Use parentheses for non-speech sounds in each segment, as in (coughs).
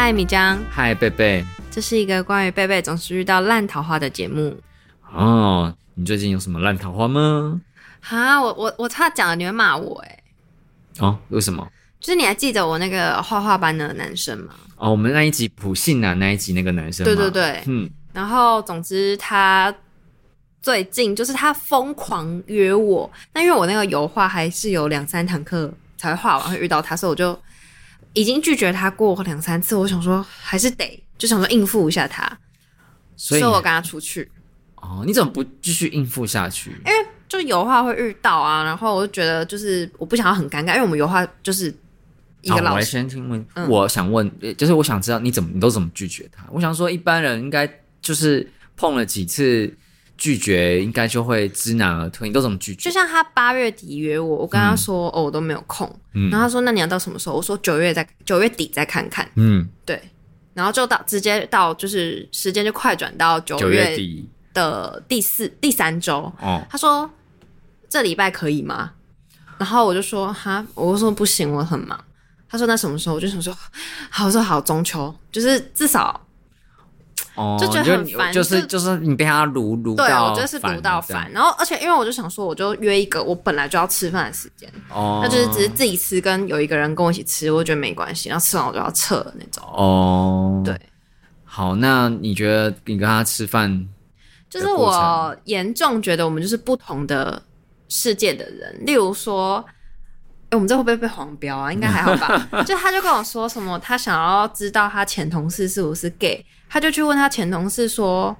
嗨，Hi, 米漿。嗨，蓓蓓。這是一個關於蓓蓓總是遇到爛桃花的節目。哦，你最近有什麼爛桃花嗎？哈，我我我差講了，你會罵我誒、欸。哦，為什麼？就是你還記得我那個畫畫班的男生嗎？哦，我們那一集普信男、啊、那一集那個男生。對對對，嗯。然後，總之他最近就是他瘋狂約我，那因為我那個油畫還是有兩三堂課才會畫完，會遇到他， (laughs) 所以我就。已經拒絕他過兩三次，我想說還是得就想說應付一下他，所以，所以我跟他出去。哦，你怎麼不繼續應付下去？因為就油畫會遇到啊，然後我就覺得就是我不想要很尷尬，因為我們油畫就是一個老師。我先請問、嗯、我想問就是我想知道你怎麼你都怎麼拒絕他？我想說一般人應該就是碰了幾次。拒絕應該就會知難而退，你都怎麼拒絕？就像他八月底約我，我跟他說、嗯、哦，我都沒有空。嗯、然後他說，那你要到什麼時候？我說九月再九月底再看看。嗯，對，然後就到直接到就是時間就快轉到九月底的第四第三週。哦，他說這禮拜可以嗎？然後我就說哈，我就說不行，我很忙。他說那什麼時候？我就想說好說好中秋，就是至少。Oh, 就覺得很煩，就是、就是、就是你被他擼擼到煩，對、啊、覺得是對，我就是擼到煩。然後而且因為我就想說，我就約一個我本來就要吃飯的時間，他、oh. 就是只是自己吃跟有一個人跟我一起吃，我就覺得沒關係。然後吃完我就要撤那種。哦，oh. 對，好，那你覺得你跟他吃飯，就是我嚴重覺得我們就是不同的世界的人。例如說，哎、欸，我們這會不會被黃標啊？應該還好吧。 (laughs) 就他就跟我說什麼，他想要知道他前同事是不是 gay。他就去問他前同事說：“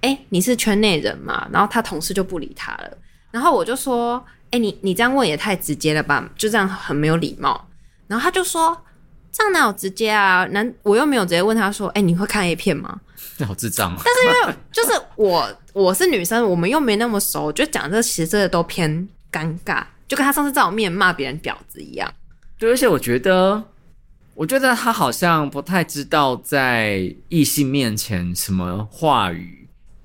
哎、欸，你是圈內人嘛？”然後他同事就不理他了。然後我就說：“哎、欸，你你這樣問也太直接了吧？就這樣很沒有禮貌。”然後他就說：“這樣哪有直接啊？難我又沒有直接問他說：‘哎、欸，你會看 A 片嗎？’那好智障、啊。”但是因為就是我 (laughs) 我是女生，我們又沒那麼熟，我覺得講這其實這都偏尷尬，就跟他上次在我面罵別人婊子一樣。對，而且我覺得。我覺得他好像不太知道在異性面前什麼話語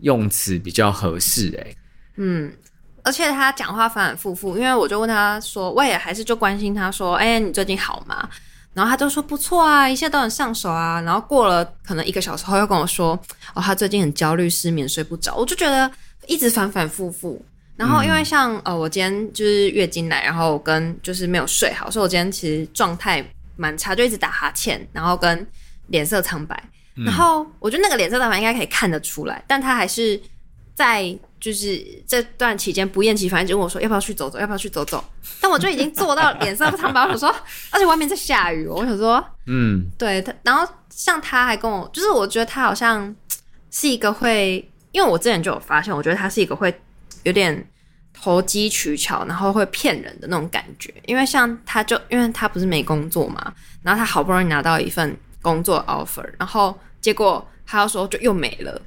用詞比較合適哎、欸，嗯，而且他講話反反复覆因為我就問他說，我也還是就關心他說，哎，你最近好嗎？然後他就說不錯啊，一切都很上手啊。然後過了可能一個小時後又跟我說，哦，他最近很焦慮失眠，睡不着。我就覺得一直反反复覆然後因為像呃、嗯哦，我今天就是月經來，然後我跟就是沒有睡好，所以我今天其實狀態。蠻差，就一直打哈欠，然後跟臉色蒼白，嗯、然後我覺得那個臉色蒼白應，應該可以看得出來，但他還是在就是這段期間不厭其煩就問我說要不要去走走，要不要去走走，但我就已經坐到臉色蒼白， (laughs) 我想說，而且外面在下雨，我想說，嗯，對他，然後像他還跟我，就是我覺得他好像是一個會，因為我之前就有發現，我覺得他是一個會有點。投機取巧，然後會騙人的那種感覺，因為像他就，就因為他不是沒工作嘛，然後他好不容易拿到一份工作 offer，然後結果他要說就又沒了，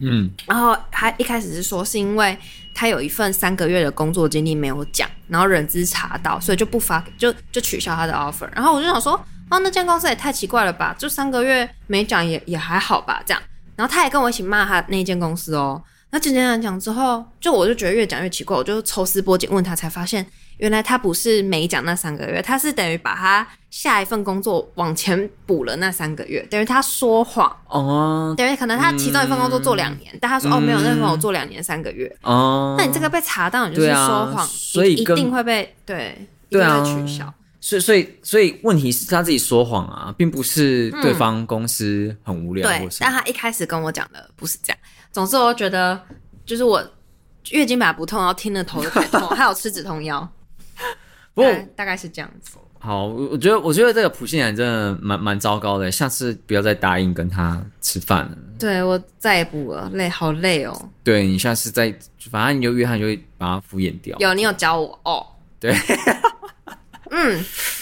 嗯，然後他一開始是說是因為他有一份三個月的工作經歷沒有講，然後人資查到，所以就不發就就取消他的 offer，然後我就想說，哦、啊，那間公司也太奇怪了吧，就三個月沒講也也還好吧，這樣，然後他也跟我一起罵他那間公司哦。那今天來講之後，就我就覺得越講越奇怪。我就抽絲剝繭問他，才發現原來他不是沒講那三個月，他是等於把他下一份工作往前補了那三個月，等於他說謊哦。等於可能他其中一份工作做兩年，嗯、但他說、嗯、哦沒有，那份我做兩年三個月哦。嗯、那你這個被查到，你就是說謊、啊，所以一定會被對，對、啊、一定會取消。所以所以所以問題是他自己說謊啊，並不是對方公司很無聊、嗯、對。但他一開始跟我講的不是這樣。總之我都覺得，就是我月經把不痛，然後聽了頭都痛，還有吃止痛藥。不過大概是這樣子。好，我覺得我覺得這個普信男真的蠻蠻糟糕的，下次不要再答應跟他吃飯了。對，我再也不了，累，好累哦。對，你下次再，反正你就約翰就會把它敷衍掉。有，你有教我哦。對，嗯，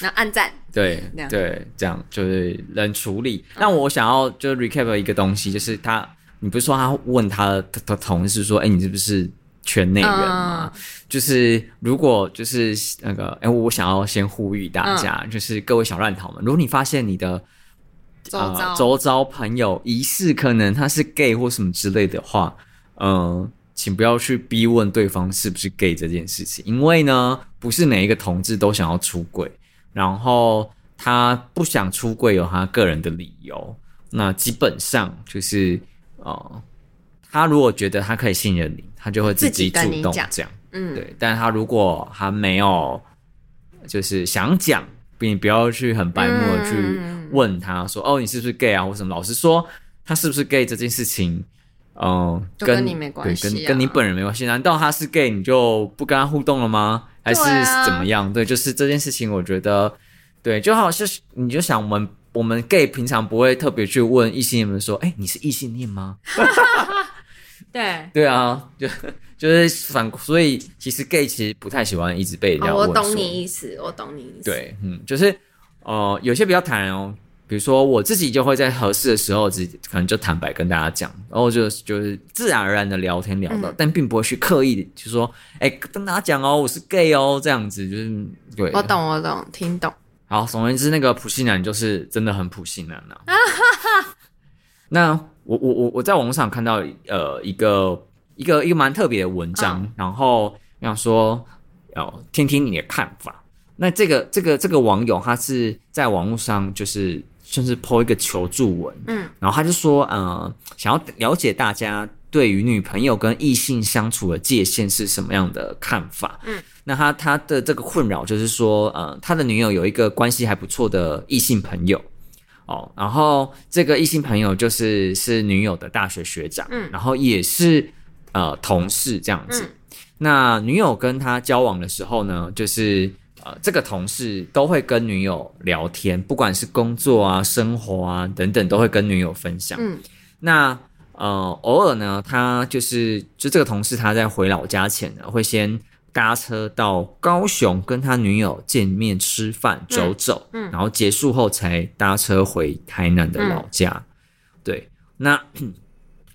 然後按讚。對對，這樣就是能處理。那我想要就 recap 一個東西，就是他。你不是說他問他的他同事說：“哎，你是不是圈內人嗎？”嗯、就是如果就是那個哎，我想要先呼籲大家，嗯、就是各位小爛桃們。如果你發現你的周遭呃周遭朋友疑似可能他是 gay 或什麼之類的話，嗯、呃，請不要去逼問對方是不是 gay 這件事情，因為呢，不是每一個同志都想要出櫃，然後他不想出櫃有他個人的理由。那基本上就是。哦、嗯，他如果覺得他可以信任你，他就會自己主動講。嗯，對。但他如果還沒有，就是想講，你不要去很白目的去問他說：“嗯、哦，你是不是 gay 啊？”或什麼。老實說，他是不是 gay 這件事情，嗯、呃，跟你沒關係、啊，跟跟你本人沒關係。難道他是 gay，你就不跟他互動了嗎？還是怎麼樣？對啊、對，就是這件事情，我覺得，對，就好像是你就想我們。我們 gay 平常不會特別去問異性戀們說：“哎、欸，你是異性戀嗎？” (laughs) (laughs) 對對啊，就就是反，所以其實 gay 其實不太喜歡一直被聊、哦、我懂你意思，我懂你意思。對，嗯，就是呃，有些比較坦然哦，比如說我自己就會在合適的時候，自己可能就坦白跟大家講，然後就就是自然而然的聊天聊到，嗯、但並不會去刻意的。就是說：“哎、欸，跟大家講哦，我是 gay 哦，這樣子。”就是對，我懂，我懂，聽懂。好，總而言之，那個普信男就是真的很普信男呢。啊哈哈。那我我我我在網絡上看到呃一個一個一個蠻特別的文章，啊、然後想說要、哦、聽聽你的看法。那這個這個這個網友他是在網絡上就是算是 PO 一個求助文，嗯，然後他就說嗯、呃、想要了解大家。對於女朋友跟異性相處的界限是什麼樣的看法？嗯，那他他的這個困擾就是說，呃，他的女友有一個關係還不錯的異性朋友，哦，然後這個異性朋友就是是女友的大學學長，嗯，然後也是呃同事這樣子。嗯，那女友跟他交往的時候呢，就是呃這個同事都會跟女友聊天，不管是工作啊、生活啊等等，都會跟女友分享。嗯，那。呃，偶爾呢，他就是就這個同事，他在回老家前呢，會先搭車到高雄跟他女友見面、吃飯、走走，嗯嗯、然後結束後才搭車回台南的老家。嗯、對，那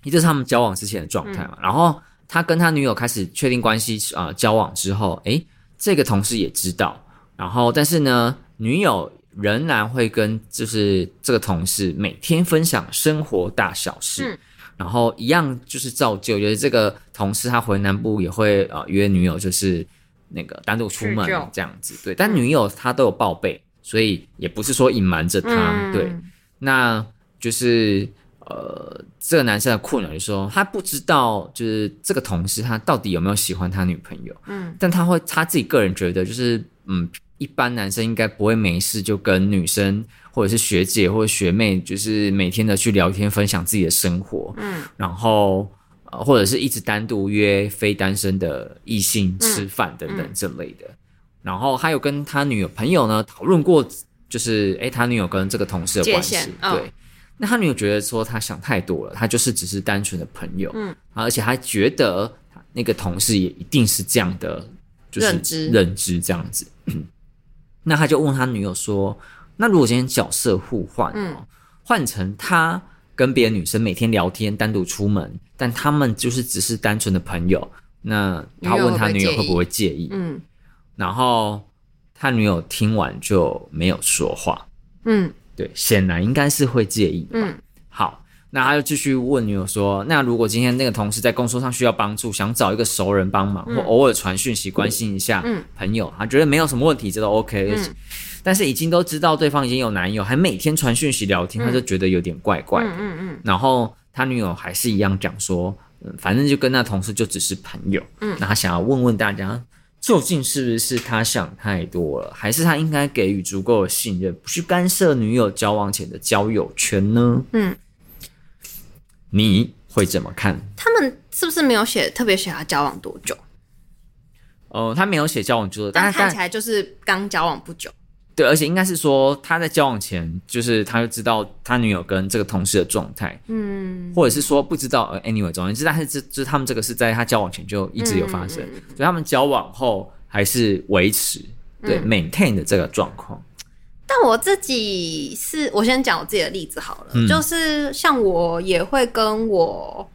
這是他們交往之前的狀態嘛？嗯、然後他跟他女友開始確定關係啊、呃，交往之後，誒、欸，這個同事也知道，然後但是呢，女友仍然會跟就是這個同事每天分享生活大小事。嗯然後一樣就是照舊，因為這個同事他回南部也會呃約女友，就是那個單獨出門這樣子。救對，但女友她都有報備，所以也不是說隱瞞着他。嗯。對，那就是呃這個男生的困擾就是說他不知道就是這個同事他到底有沒有喜歡他女朋友。嗯，但他會他自己個人覺得就是嗯。一般男生應該不會沒事就跟女生或者是學姐或者學妹，就是每天的去聊天分享自己的生活，嗯，然後呃或者是一直單獨約非單身的異性吃飯等等這類的，嗯嗯、然後還有跟他女友朋友呢討論過，就是哎他女友跟這個同事的關係，哦、對，那他女友覺得說他想太多了，他就是只是單純的朋友，嗯、啊，而且還覺得那個同事也一定是這樣的，嗯、認知就是認知這樣子。 (laughs) 那他就問他女友說：“那如果今天角色互換哦，換、嗯、成他跟別的女生每天聊天，單獨出門，但他們就是只是單純的朋友，那他問他女友會不會介意？”會會介意，嗯，然後他女友聽完就沒有說話。嗯，對，顯然應該是會介意吧。的、嗯那他就繼續問女友說：“那如果今天那個同事在工作上需要幫助，想找一個熟人幫忙，嗯、或偶爾傳訊息關心一下朋友，嗯嗯、他覺得沒有什麼問題，這都 OK、嗯。但是已經都知道對方已經有男友，還每天傳訊息聊天，他就覺得有點怪怪的。嗯嗯嗯嗯、然後他女友還是一樣講說，反正就跟那同事就只是朋友。嗯、那他想要問問大家，究竟是不是他想太多了，還是他應該給予足夠的信任，不去干涉女友交往前的交友圈呢？”嗯。你會怎麼看？他們是不是沒有寫特別想要交往多久？哦、呃，他沒有寫交往多久，但是，但看起來就是剛交往不久。對，而且應該是說他在交往前，就是他就知道他女友跟這個同事的狀態，嗯，或者是說不知道 anyway 狀態，總之，但是他這他們這個是在他交往前就一直有發生，嗯嗯，所以他們交往後還是維持對、嗯、maintain 的這個狀況。那我自己是，我先講我自己的例子好了，嗯、就是像我也會跟我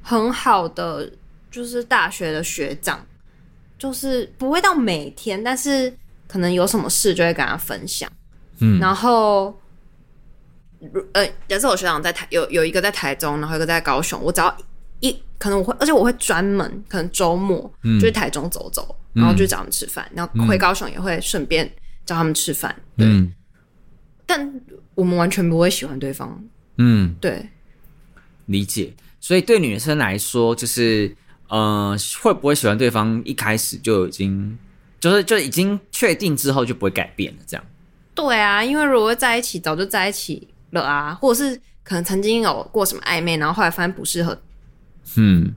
很好的，就是大學的學長，就是不會到每天，但是可能有什麼事就會跟他分享。嗯，然後，呃，也是我學長在台有有一個在台中，然後一個在高雄。我只要一可能我會，而且我會專門可能周末就去台中走走，嗯、然後就找他們吃飯，嗯、然後回高雄也會順便。找他們吃飯，對，嗯、但我們完全不會喜歡對方，嗯，對，理解。所以對女生來說，就是，呃，會不會喜歡對方，一開始就已經，就是就已經確定之後就不會改變了，這樣。對啊，因為如果在一起，早就在一起了啊，或者是可能曾經有過什麼曖昧，然後後來發現不適合，嗯，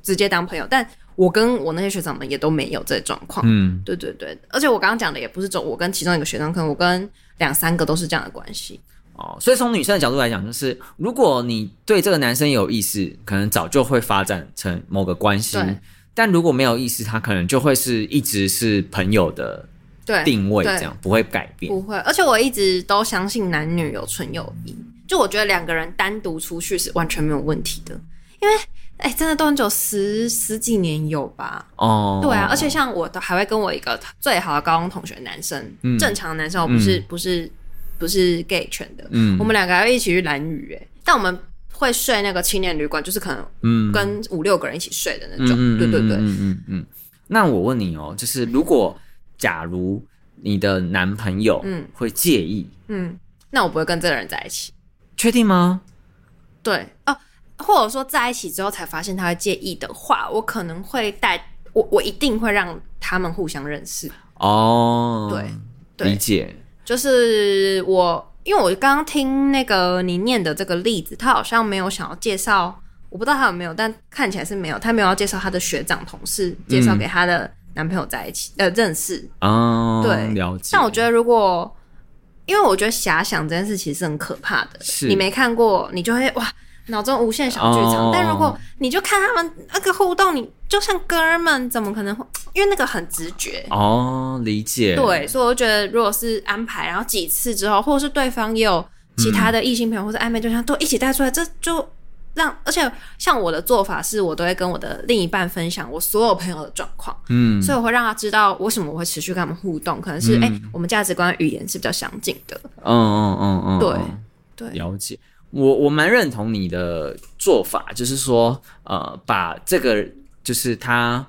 直接當朋友，嗯、但。我跟我那些學長們也都沒有這狀況，嗯，對對對，而且我剛剛講的也不是總，我跟其中一個學長，可能我跟兩三個都是這樣的關係，哦，所以從女生的角度來講，就是如果你對這個男生有意思，可能早就會發展成某個關係，對但如果沒有意思，他可能就會是一直是朋友的定位對這樣，不會改變，不會。而且我一直都相信男女有純友誼，就我覺得兩個人單獨出去是完全沒有問題的，因為。哎，真的都很久十，十十幾年有吧？哦，oh. 對啊，而且像我，都還會跟我一個最好的高中同學，男生，嗯、正常男生我，我、嗯、不是，不是，不是 gay 圈的。嗯，我們兩個還要一起去蘭嶼，哎，但我們會睡那個青年旅館，就是可能，嗯，跟五六個人一起睡的那種。嗯、對對對，嗯嗯嗯，嗯。那我問你哦，就是如果，假如你的男朋友嗯會介意嗯，嗯，那我不會跟這個人在一起，確定嗎？對哦。啊或者說在一起之後才發現他會介意的話，我可能會帶我，我一定會讓他們互相認識。哦，對。對，理解。就是我，因為我剛剛聽那個你念的這個例子，他好像沒有想要介紹，我不知道他有沒有，但看起來是沒有，他沒有要介紹他的學長、同事，介紹給他的男朋友在一起、嗯、呃認識哦，對，了解。但我覺得，如果因為我覺得遐想這件事其實是很可怕的，是你沒看過，你就會哇。腦中無限小劇場，oh, 但如果你就看他們那個互動，你就像哥們，怎麼可能會？因為那個很直覺哦，oh, 理解。對，所以我就覺得，如果是安排，然後幾次之後，或者是對方也有其他的異性朋友、嗯、或者曖昧對象都一起帶出來，這就讓而且像我的做法是，我都會跟我的另一半分享我所有朋友的狀況。嗯，所以我會讓他知道為什麼我會持續跟他們互動，可能是哎、嗯欸，我們價值觀、語言是比較相近的。嗯嗯嗯嗯，對對，了解。我我蠻認同你的做法，就是說，呃，把這個就是他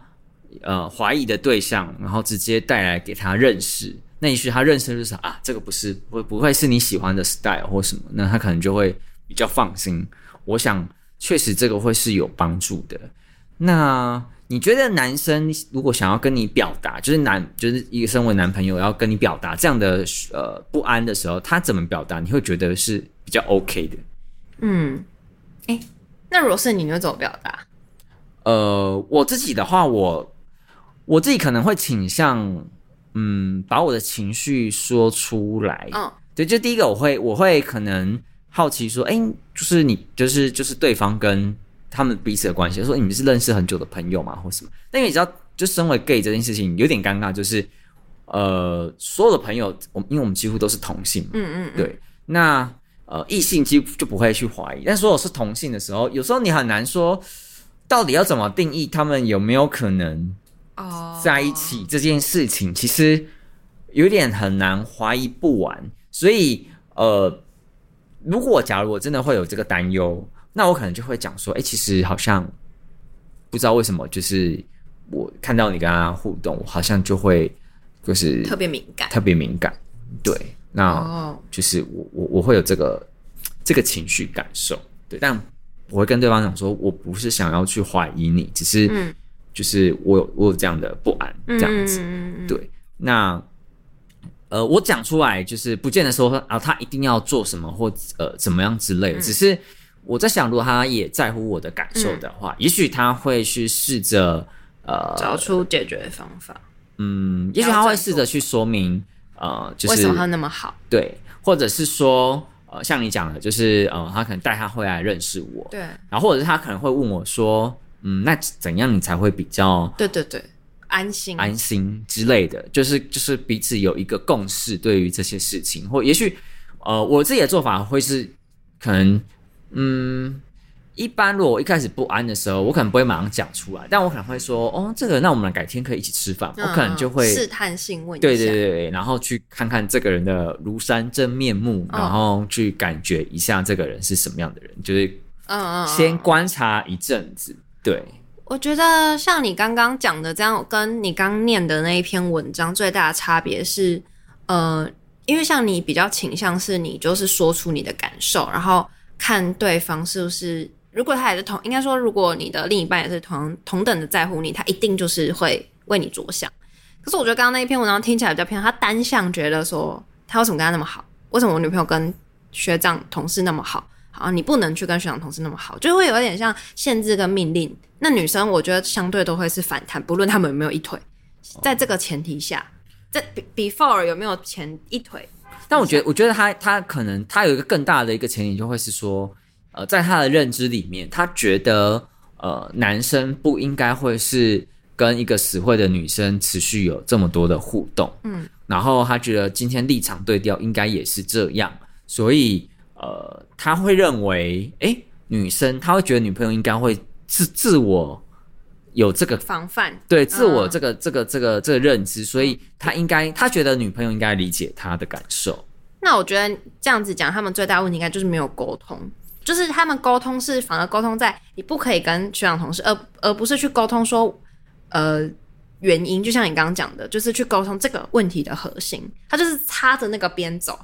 呃懷疑的對象，然後直接帶來給他認識，那也許他認識就是啊，這個不是不會不會是你喜歡的 style 或什麼，那他可能就會比較放心。我想，確實這個會是有幫助的。那你覺得男生如果想要跟你表達，就是男就是一個身為男朋友要跟你表達這樣的呃不安的時候，他怎麼表達？你會覺得是比較 OK 的？嗯，哎，那如果是你，你會怎麼表達？呃，我自己的話，我我自己可能會傾向，嗯，把我的情緒說出來。嗯、哦，對，就第一個，我會，我會可能好奇說，哎，就是你，就是就是對方跟他們彼此的關係，說你們是認識很久的朋友嘛，或什麼？但你知道，就身為 gay 這件事情有點尷尬，就是，呃，所有的朋友，我因為我們幾乎都是同性，嗯，嗯嗯，對，那。呃，異性就就不會去懷疑，但是如果是我是同性的時候，有時候你很難說到底要怎麼定義他們有沒有可能哦在一起這件事情，oh. 其實有點很難懷疑不完。所以，呃，如果假如我真的會有這個擔憂，那我可能就會講說，哎，欸，其實好像不知道為什麼，就是我看到你跟他互動，我好像就會就是特別敏感，特別敏感，對。那就是我、oh. 我我會有這個這個情緒感受，對，但我會跟對方講說，我不是想要去懷疑你，只是、嗯、就是我有我有這樣的不安這樣子，嗯、對。那呃，我講出來就是不見得說啊，他一定要做什麼或呃怎麼樣之類的，嗯、只是我在想，如果他也在乎我的感受的話，嗯、也許他會去試着呃找出解決的方法，嗯，也許他會試着去說明。呃，就是為什麼他那麼好？對，或者是說，呃，像你講的，就是呃，他可能帶他回來認識我，對，然後或者是他可能會問我說，嗯，那怎樣你才會比較對對對安心安心之類的？就是就是彼此有一個共識，對於這些事情，或也許，呃，我自己的做法會是可能，嗯。一般如果我一開始不安的時候，我可能不會馬上講出來，但我可能會說：“哦，這個，那我們改天可以一起吃飯。嗯”我可能就會試探性問一下，對對對對，然後去看看這個人的廬山真面目，嗯、然後去感覺一下這個人是什麼樣的人，嗯、就是嗯嗯，先觀察一陣子。對，我覺得像你剛剛講的這樣，跟你剛念的那一篇文章最大的差別是，呃，因為像你比較傾向是，你就是說出你的感受，然後看對方是不是。如果他也是同，應該說，如果你的另一半也是同同等的在乎你，他一定就是會為你着想。可是我覺得剛剛那一篇文章聽起來比較偏，他單向覺得說，他為什麼跟他那麼好？為什麼我女朋友跟學長同事那麼好？好像你不能去跟學長同事那麼好，就會有點像限制跟命令。那女生我覺得相對都會是反彈，不論他們有沒有一腿。在這個前提下，在 be before 有沒有前一腿？但我覺得，下我覺得他他可能他有一個更大的一個前提，就會是說。呃，在他的認知裡面，他覺得，呃，男生不應該會是跟一個死會的女生持續有這麼多的互動，嗯，然後他覺得今天立場對調，應該也是這樣，所以，呃，他會認為，誒，女生，他會覺得女朋友應該會自自我有這個防範，對自我這個、啊、這個這個這個認知，所以他應該，他覺得女朋友應該理解他的感受。那我覺得這樣子講，他們最大問題應該就是沒有溝通。就是他們溝通是反而溝通在你不可以跟學長同事，而而不是去溝通說，呃，原因。就像你剛剛講的，就是去溝通這個問題的核心，他就是擦着那個邊走，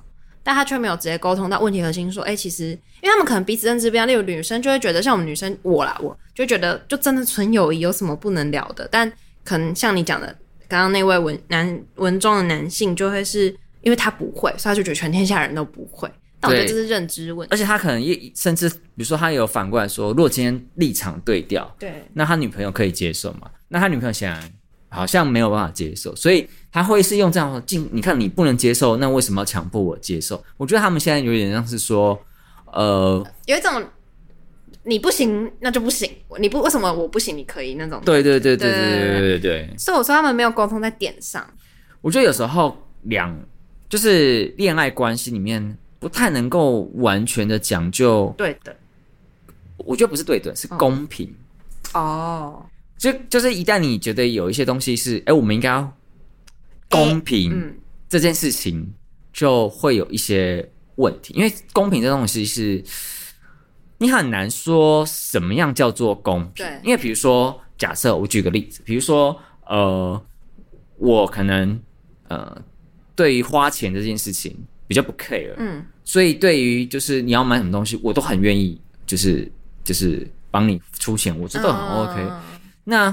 但他卻沒有直接溝通到問題核心，說，誒，欸，其實，因為他們可能彼此認知不一樣。例如女生就會覺得，像我們女生我啦，我就覺得就真的純友誼有什麼不能聊的？但可能像你講的，剛剛那位文男文中的男性就會是因為他不會，所以他就覺得全天下人都不會。對，我覺得這是認知問題。而且他可能也甚至，比如說，他有反過來說，若今天立場對調，對，那他女朋友可以接受嗎？那他女朋友顯然好像沒有辦法接受，所以他會是用這樣的話進。你看，你不能接受，那為什麼要強迫我接受？我覺得他們現在有點像是說，呃，有一種你不行，那就不行，你不，為什麼我不行，你可以那種。對對對，對對對對對對對。所以我說他們沒有溝通在點上。我覺得有時候兩就是戀愛關係裡面。不太能夠完全的講究，對的，我覺得不是對等，是公平。哦，哦，就就是一旦你覺得有一些東西是，哎、欸，我們應該要公平、欸，嗯、這件事情就會有一些問題，因為公平這東西是你很難說什麼樣叫做公平。對因為比如說，假設我舉個例子，比如說，呃，我可能呃，對於花錢這件事情。比較不 care，嗯，所以對於就是你要買什麼東西，我都很願意、就是，就是就是幫你出錢，我知道很 OK、哦。那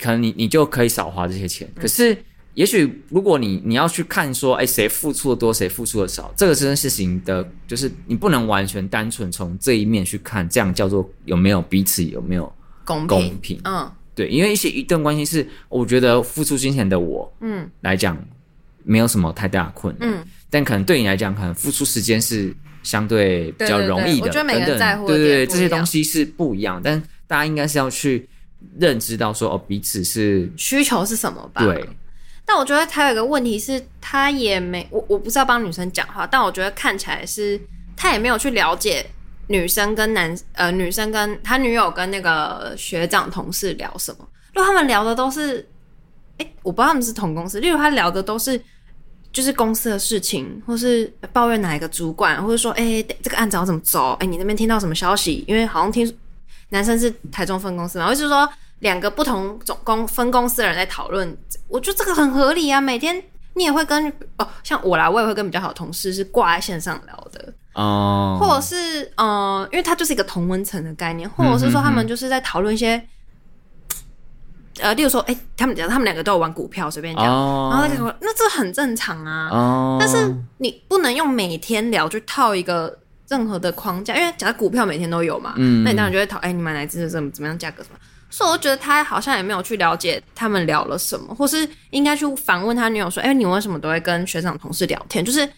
可能你你就可以少花這些錢。嗯、可是，也許如果你你要去看說，哎、欸，誰付出的多，誰付出的少，這個是件事情的，就是你不能完全單純從這一面去看，這樣叫做有沒有彼此有沒有公平？公平，嗯，對，因為一些一段關係是，我覺得付出金錢的我，嗯，來講沒有什麼太大的困難，嗯。但可能對你來講，可能付出時間是相對比較容易的。我覺得每個人在乎，等等對，對這些東西是不一樣。嗯、但大家應該是要去認知到說，說哦，彼此是需求是什麼吧？對。但我覺得他有一個問題是他也沒我，我不是要幫女生講話，但我覺得看起來是他也沒有去了解女生跟男，呃，女生跟他女友跟那個學長同事聊什麼。如果他們聊的都是，哎，我不知道他們是同公司，例如他聊的都是就是公司的事情，或是抱怨哪一個主管，或者說，哎、欸，這個案子要怎麼走？哎、欸，你那邊聽到什麼消息？因為好像聽男生是台中分公司嘛，或者是說，兩個不同總公分公司的人在討論，我覺得這個很合理啊。每天你也會跟哦，像我啦，我也會跟比較好的同事是掛在線上聊的哦，Oh. 或者是嗯、呃，因為他就是一個同溫層的概念，或者是說他們就是在討論一些。呃，例如說，哎、欸，他們講他們兩個都有玩股票，隨便講，oh. 然後他就說，那這很正常啊，oh. 但是你不能用每天聊去套一個任何的框架，因為假設股票每天都有嘛，嗯、那你當然就會討，哎、欸，你買來支怎麼怎麼樣，價格什麼，所以我覺得他好像也沒有去了解他們聊了什麼，或是應該去反問他女友說，哎、欸，你為什麼都會跟學長同事聊天，就是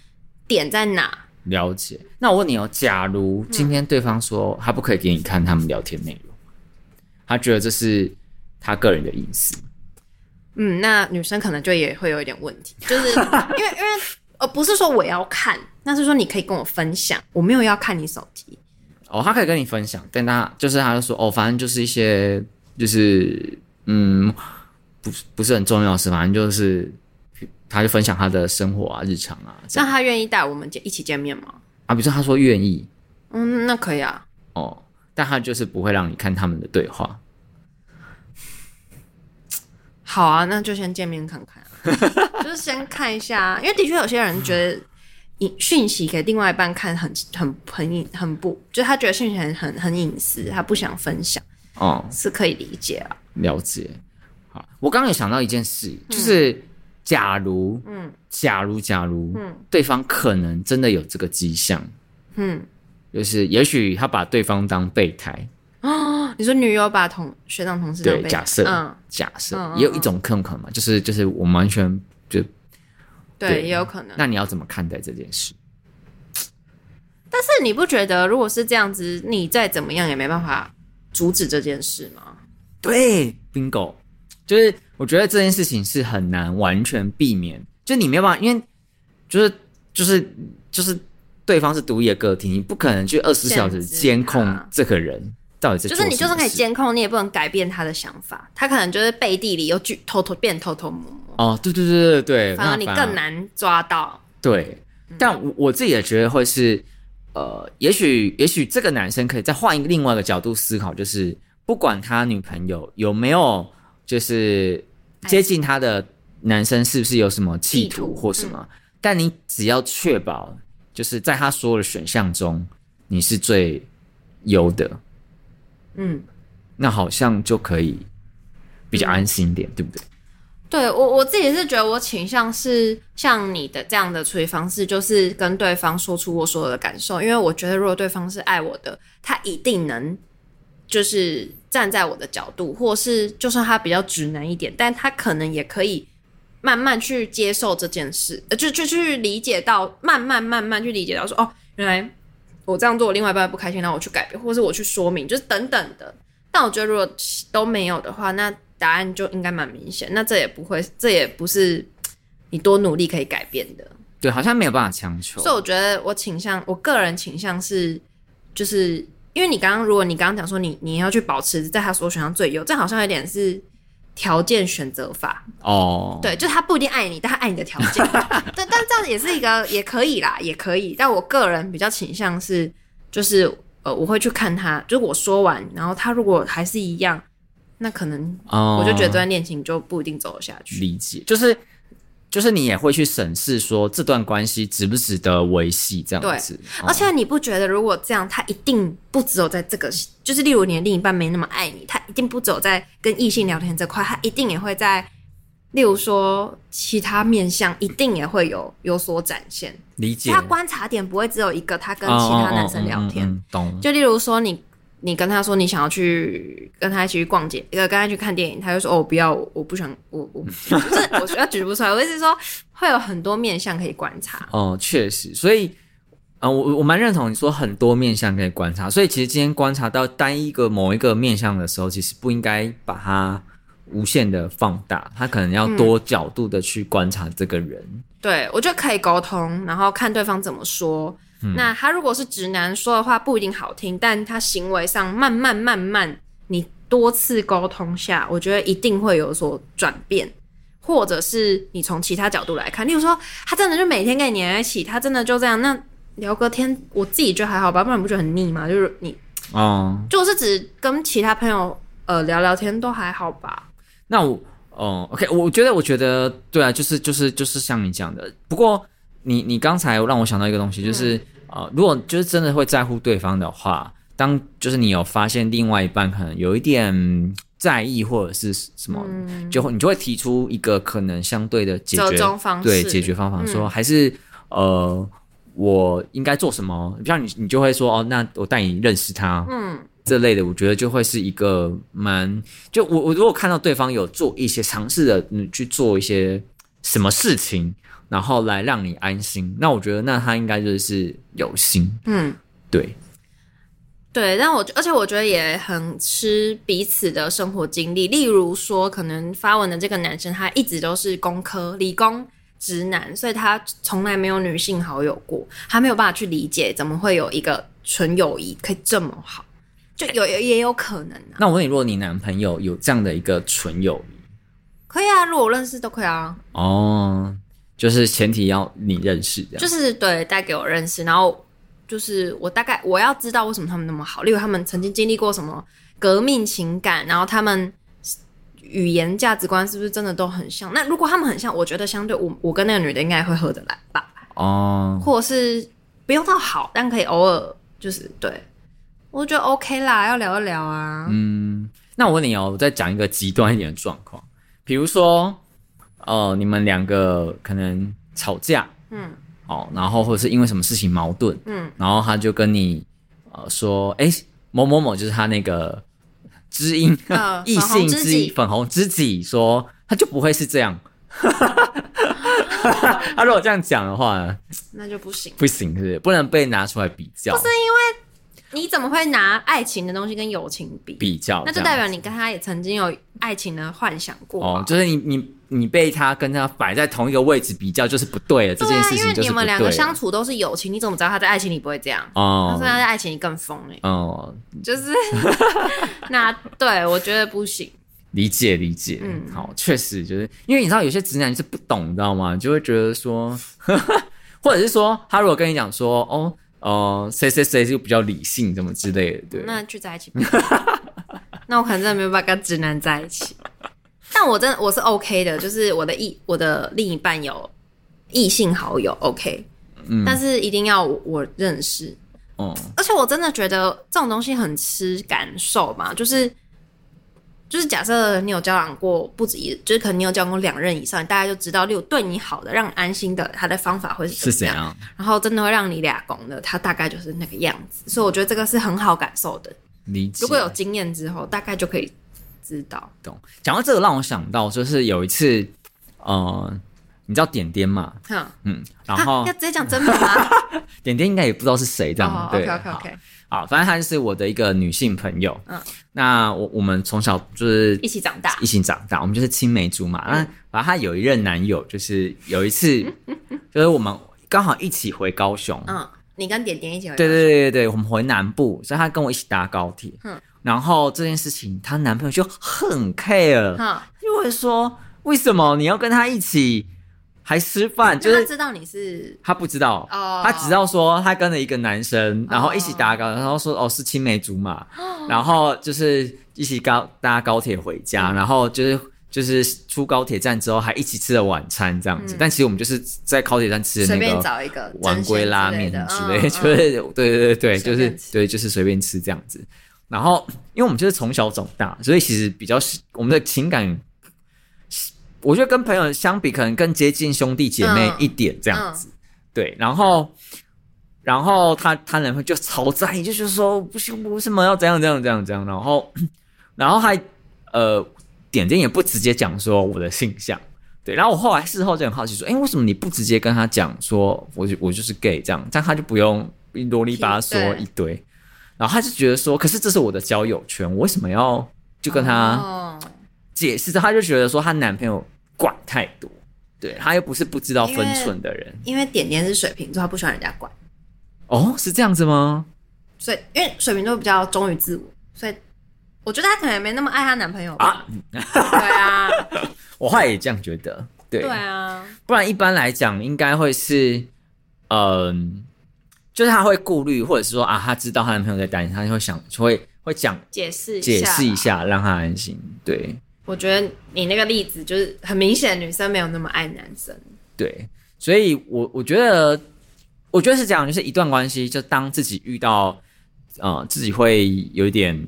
點在哪？了解。那我問你哦、喔，假如今天對方說、嗯、他不可以給你看他們聊天內容，他覺得這是。他個人的隱私，嗯，那女生可能就也會有一點問題，就是因為 (laughs) 因為呃，不是說我要看，那是說你可以跟我分享，我沒有要看你手機。哦，他可以跟你分享，但他就是他就說，哦，反正就是一些就是嗯，不不是很重要的事，反正就是他就分享他的生活啊、日常啊。那他願意帶我們見一起見面嗎？啊，比如說他說願意，嗯，那可以啊。哦，但他就是不會讓你看他們的對話。好啊，那就先見面看看，啊， (laughs) 就是先看一下，因為的確有些人覺得，訊息給另外一半看很很很隱很不，就是他覺得訊息很很隱私，他不想分享，哦，是可以理解啊，了解。好，我剛剛有想到一件事，嗯、就是假如，嗯，假如假如，嗯，對方可能真的有這個跡象，嗯，就是也許他把對方當備胎。哦你說女友把同學長同事對假設，假設、嗯、也有一種可能嘛，嗯嗯嗯，就是，就是就是，我們完全就對，對，嘛也有可能。那你要怎麼看待這件事？但是你不覺得，如果是這樣子，你再怎麼樣也沒辦法阻止這件事嗎？對，bingo，就是我覺得這件事情是很難完全避免，就你沒有辦法，因為就是就是就是，就是，對方是獨立的個體，你不可能去二十四小時監控這個人。到底是是就是你，就算可以監控，你也不能改變他的想法。他可能就是背地裡又去偷偷變偷偷摸摸、摸。哦，對對對對對，反而你更難抓到。對，嗯、但我我自己也覺得會是，呃，也許也許這個男生可以再換一個另外一個角度思考，就是不管他女朋友有沒有就是接近他的男生，是不是有什麼企圖或什麼？啊、但你只要確保，就是在他所有的選項中，你是最優的。嗯嗯，那好像就可以比較安心一點，嗯、對不對？對，我我自己是覺得，我傾向是像你的這樣的處理方式，就是跟對方說出我所有的感受，因為我覺得如果對方是愛我的，他一定能就是站在我的角度，或是就算他比較直男一點，但他可能也可以慢慢去接受這件事，就去就去理解到，慢慢慢慢去理解到說，說哦，原來。我這樣做，我另外一半不開心，那我去改變，或是我去說明，就是等等的。但我覺得，如果都沒有的話，那答案就應該蠻明顯。那這也不會，這也不是你多努力可以改變的。對，好像沒有辦法強求。所以我覺得，我傾向，我個人傾向是，就是因為你剛剛，如果你剛剛講說你，你你要去保持在他所有選項最優，這好像有點是。條件選擇法哦，oh，對，就他不一定愛你，但他愛你的條件。 (laughs) 對，但這樣子也是一個也可以啦，也可以。但我個人比較傾向是，就是呃，我會去看他，就是我說完，然後他如果還是一樣，那可能我就覺得這段戀情就不一定走得下去。理解，就是。就是你也會去審視說，這段關係值不值得維繫這樣子，對嗯、而且你不覺得如果這樣，他一定不只有在這個，就是例如你的另一半沒那麼愛你，他一定不走在跟異性聊天這塊，他一定也會在，例如說其他面向一定也會有有所展現，理解，他觀察點不會只有一個，他跟其他男生聊天，懂？就例如說你。你跟他說你想要去跟他一起去逛街，一個跟他去看電影，他就說哦，不要，我不想，我我不 (laughs) 是，我他舉不出來。我意思是說，會有很多面向可以觀察。哦，確實，所以，啊、呃，我我蠻認同你說很多面向可以觀察。所以其實今天觀察到單一個某一個面向的時候，其實不應該把它無限的放大，他可能要多角度的去觀察這個人。嗯、對，我覺得可以溝通，然後看對方怎麼說。那他如果是直男說的話不一定好聽，嗯、但他行為上慢慢慢慢，你多次溝通下，我覺得一定會有所轉變，或者是你從其他角度來看，例如說他真的就每天跟你黏在一起，他真的就這樣，那聊個天，我自己覺得還好吧，不然不覺得很膩嗎？就是你，哦，就是只跟其他朋友呃聊聊天都還好吧？那我，哦，OK，我覺得，我覺得對啊，就是就是就是像你講的，不過你你剛才讓我想到一個東西，就是、嗯、呃，如果就是真的會在乎對方的話，當就是你有發現另外一半可能有一點在意或者是什麼，嗯、就會你就會提出一個可能相對的解決方式，對，解決方法說、嗯、還是呃我應該做什麼？比方你，你就會說哦，那我帶你認識他，嗯，這類的，我覺得就會是一個蠻就我我如果看到對方有做一些嘗試的，嗯，去做一些什麼事情。然後來讓你安心，那我覺得那他應該就是有心，嗯，對，對。但我而且我覺得也很吃彼此的生活經歷，例如說，可能發文的這個男生他一直都是工科、理工直男，所以他從來沒有女性好友過，他沒有辦法去理解怎麼會有一個純友誼可以這麼好，就有也有可能啊。那我問你，如果你男朋友有這樣的一個純友誼，可以啊，如果我認識都可以啊，哦。就是前提要你認識，的就是對，帶給我認識，然後就是我大概我要知道為什麼他們那麼好，例如他們曾經經歷過什麼革命情感，然後他們語言價值觀是不是真的都很像？那如果他們很像，我覺得相對我我跟那個女的應該會合得來吧？哦，或者是不用到好，但可以偶爾就是對，我覺得 OK 啦，要聊一聊啊。嗯，那我問你哦，我再講一個極端一點的狀況，比如說。哦，你們兩個可能吵架，嗯，哦，然後或者是因為什麼事情矛盾，嗯，然後他就跟你，呃，說，哎，某某某就是他那個知音，呃、異性知音，粉紅知己，知己說他就不會是這樣，他 (laughs) (laughs) 如果這樣講的話呢，那就不行，不行是不是，不能被拿出來比較，不是因為。你怎麼會拿愛情的東西跟友情比比較？那就代表你跟他也曾經有愛情的幻想過哦，就是你你你被他跟他擺在同一個位置比較，就是不對了。對、啊、這件事情就是不對了，因為你們兩個相處都是友情，你怎麼知道他在愛情裡不會這樣？哦，啊、他在愛情裡更瘋嘞、欸。哦，就是那對我覺得不行。理解理解，理解嗯，好，確實就是，因為你知道有些直男是不懂，你知道嗎？你就會覺得說， (laughs) 或者是說他如果跟你講說，哦。哦，uh, 誰誰誰就比較理性，什麼之類的，對。那聚在一起， (laughs) 那我可能真的沒有辦法跟直男在一起。但我真的，我是 OK 的，就是我的異我的另一半有異性好友 OK，嗯，但是一定要我，我認識哦。而且我真的覺得這種東西很吃感受嘛，就是。就是假設你有交往過不止一，就是可能你有交往過兩任以上，大概就知道例如對你好的、讓你安心的，他的方法會是怎樣？是怎樣然後真的會讓你倆講的，他大概就是那個樣子。嗯、所以我覺得這個是很好感受的。理解。如果有經驗之後，大概就可以知道。懂。講到這個，讓我想到就是有一次，呃，你知道點點嘛？嗯哈。嗯。然後、啊、要直接講真的嗎？ (laughs) 點點應該也不知道是誰這樣。哦、對。OK OK, okay.。啊、哦，反正她就是我的一個女性朋友。嗯，那我我們從小就是一起長大，一起長大，我們就是青梅竹馬。嗯，反正她有一任男友，就是有一次，就是我們剛好一起回高雄。嗯，你跟點點一起回？對對對對對，我們回南部，所以她跟我一起搭高鐵。嗯，然後這件事情，她男朋友就很 care，就會、嗯、說：為什麼你要跟她一起？還吃飯，就是他知道你是，他不知道哦，oh. 他只知道說他跟了一個男生，oh. 然後一起搭高鐵，然後說哦是青梅竹馬，oh. 然後就是一起高搭高鐵回家，oh. 然後就是就是出高鐵站之後還一起吃了晚餐這樣子，oh. 但其實我們就是在高鐵站吃的那個碗龜拉麵之類，就是、oh. (laughs) 對，對對對對，oh. 就是對就是隨便吃這樣子，然後因為我們就是從小長大，所以其實比較我們的情感。我覺得跟朋友相比，可能更接近兄弟姐妹一點這樣子，嗯嗯、對。然後，然後他他男朋友就超在意，就是說不行，為什麼要這樣這樣這樣這樣。然後，然後還呃，點點也不直接講說我的性向，對。然後我後來事後就很好奇說，哎、欸，為什麼你不直接跟他講說，我我就是 gay 這樣？但他就不用囉里吧嗦一堆。對然後他就覺得說，可是這是我的交友圈，我為什麼要就跟他？哦解釋，她就覺得說她男朋友管太多，對，她又不是不知道分寸的人。因為，因為點點是水瓶座，她不喜歡人家管。哦，是這樣子嗎？所以，因為水瓶座比較忠於自我，所以我覺得她可能也沒那麼愛她男朋友吧。啊對啊， (laughs) 我後來也這樣覺得。對，對啊。對，對啊，不然一般來講，應該會是，嗯、呃，就是她會顧慮，或者是說啊，她知道她男朋友在擔心，她就會想，會會講，解釋解釋一下，一下啦讓她安心。對。我覺得你那個例子就是很明顯，女生沒有那麼愛男生。對，所以我，我我覺得，我覺得是這樣，就是一段關係，就當自己遇到，呃，自己會有一點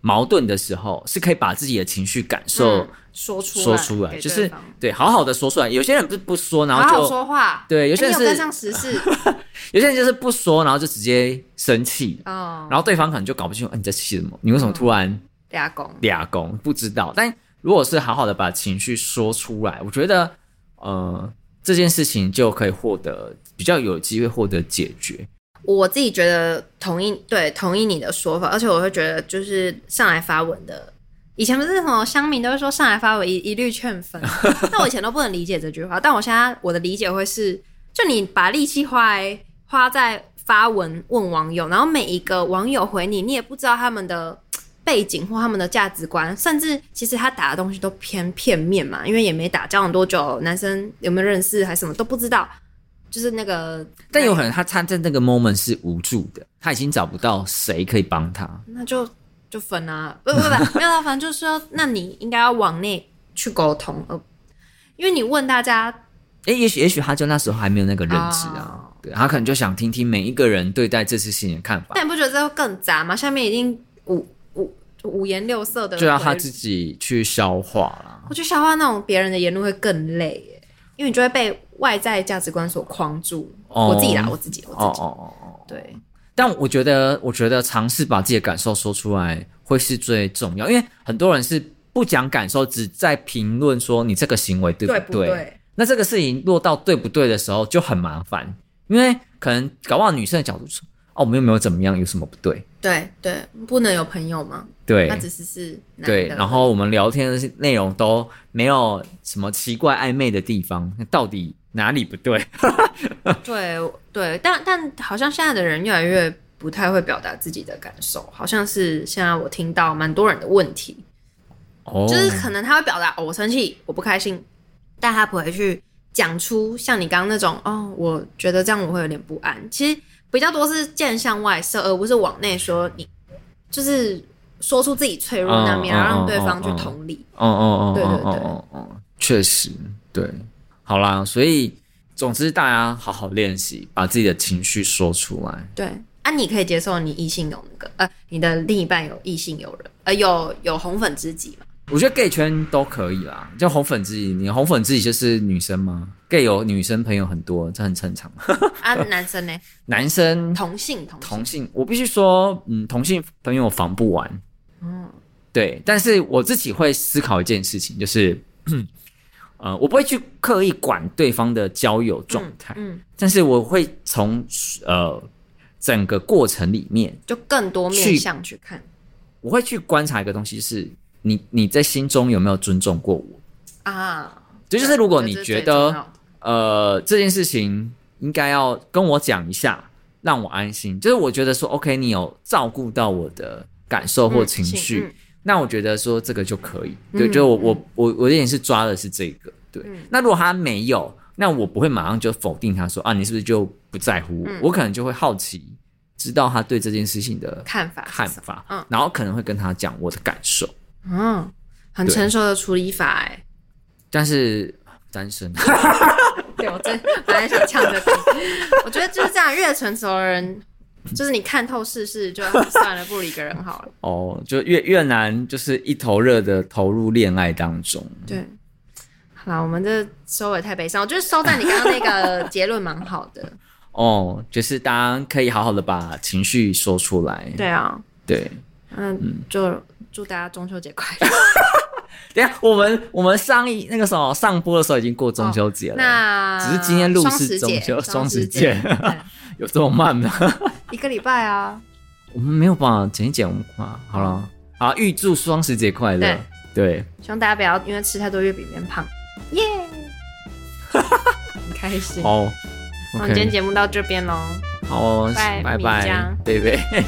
矛盾的時候，是可以把自己的情緒感受說出來、嗯、說出來，就是對，對，好好的說出來。有些人不不說，然後就好好說話，對，有些人是、欸、有跟上時事 (laughs) 有些人就是不說，然後就直接生氣。哦，然後對方可能就搞不清楚、哎，你在氣什麼？你為什麼突然嗲攻嗲攻？不知道，但。如果是好好的把情緒說出來，我覺得，呃，這件事情就可以獲得比較有機會獲得解決。我自己覺得同意，對，同意你的說法。而且我會覺得，就是上來發文的，以前不是很多鄉民都會說上來發文一一律勸分， (laughs) 但我以前都不能理解這句話，但我現在我的理解會是，就你把力氣花在花在發文問網友，然後每一個網友回你，你也不知道他們的。背景或他們的價值觀，甚至其實他打的東西都偏片面嘛，因為也沒打交往多久，男生有沒有認識還什麼都不知道，就是那個。但有可能他他在那個 moment 是無助的，他已經找不到誰可以幫他。那就就分啊，不不不，不不不 (laughs) 沒有啦，反正就是說，那你應該要往內去溝通，呃，因為你問大家，哎、欸，也許也許他就那時候還沒有那個認知啊，啊對，他可能就想聽聽每一個人對待這次事情的看法。但你不覺得這會更雜嗎？下面已經五。五顏六色的，就讓他自己去消化啦。我去消化那種別人的言論會更累耶，因為你就會被外在價值觀所框住。Oh, 我自己啦，我自己，我自己。Oh, oh, oh, oh, oh. 對，但我覺得，我覺得嘗試把自己的感受說出來會是最重要，因為很多人是不講感受，只在評論說，你這個行為對不對？對不對，那這個事情落到對不對的時候就很麻煩，因為可能搞不好女生的角度說。哦、啊，我們又沒有怎麼樣，有什麼不對？對對，不能有朋友嗎？對，那只是是男的。對，然後我們聊天的內容都沒有什麼奇怪曖昧的地方，到底哪裡不對？ (laughs) 對對，但但好像現在的人越來越不太會表達自己的感受，好像是現在我聽到蠻多人的問題，哦，oh. 就是可能他會表達哦，我生氣，我不開心，但他不會去講出像你剛剛那種哦，我覺得這樣我會有點不安，其實。比較多是箭向外射，而不是往內說你。你就是說出自己脆弱那面，哦、然後讓對方去同理。哦哦哦，哦哦哦哦對對對哦哦，確實對。好啦，所以總之大家好好練習，把自己的情緒說出來。對，啊，你可以接受你異性有那個呃，你的另一半有異性有人呃，有有紅粉知己嘛？我覺得 gay 圈，都可以啦，就紅粉知己，你紅粉知己就是女生嘛，gay 有女生朋友很多，這很正常。 (laughs) 啊，男生呢？男生同性同性，同性，我必須說，嗯，同性朋友防不完。嗯，對，但是我自己會思考一件事情，就是，嗯 (coughs) 呃，我不會去刻意管對方的交友狀態，嗯，嗯，但是我會從呃整個過程裡面，就更多面向去看去，我會去觀察一個東西是，你你在心中有沒有尊重過我啊？就就是如果你覺得,覺得這呃這件事情應該要跟我講一下，讓我安心，就是我覺得說 OK，你有照顧到我的感受或情緒，嗯嗯、那我覺得說這個就可以，對，嗯、就我我我我重點是抓的是這個，對。嗯、那如果他沒有，那我不會馬上就否定他說啊，你是不是就不在乎我？嗯、我可能就會好奇，知道他對這件事情的看法看法，然後可能會跟他講我的感受。嗯、哦，很成熟的處理法，哎、欸，但是單身。 (laughs) (laughs) 對，我真本來想嗆着你， (laughs) 我覺得就是這樣，越成熟的人， (laughs) 就是你看透世事，就很算了，不如一個人好了。哦，就越越難，就是一頭熱的投入戀愛當中。對，好啦，我們的收尾太悲傷。我覺得收在你剛剛那個結論蠻好的。 (laughs) 哦，就是大家可以好好的把情緒說出來。對啊，對，嗯，就、嗯。祝大家中秋節快樂！等下，我們我們上一那個時候上播的時候已經過中秋節了，那只是今天錄是中秋，雙十節有這麼慢嗎？一個禮拜啊，我們沒有辦法剪一剪。我好了，好預祝雙十節快樂！對，希望大家不要因為吃太多月餅變胖。耶，很開心，好，我們今天節目到這邊嘍，好，拜拜，拜拜。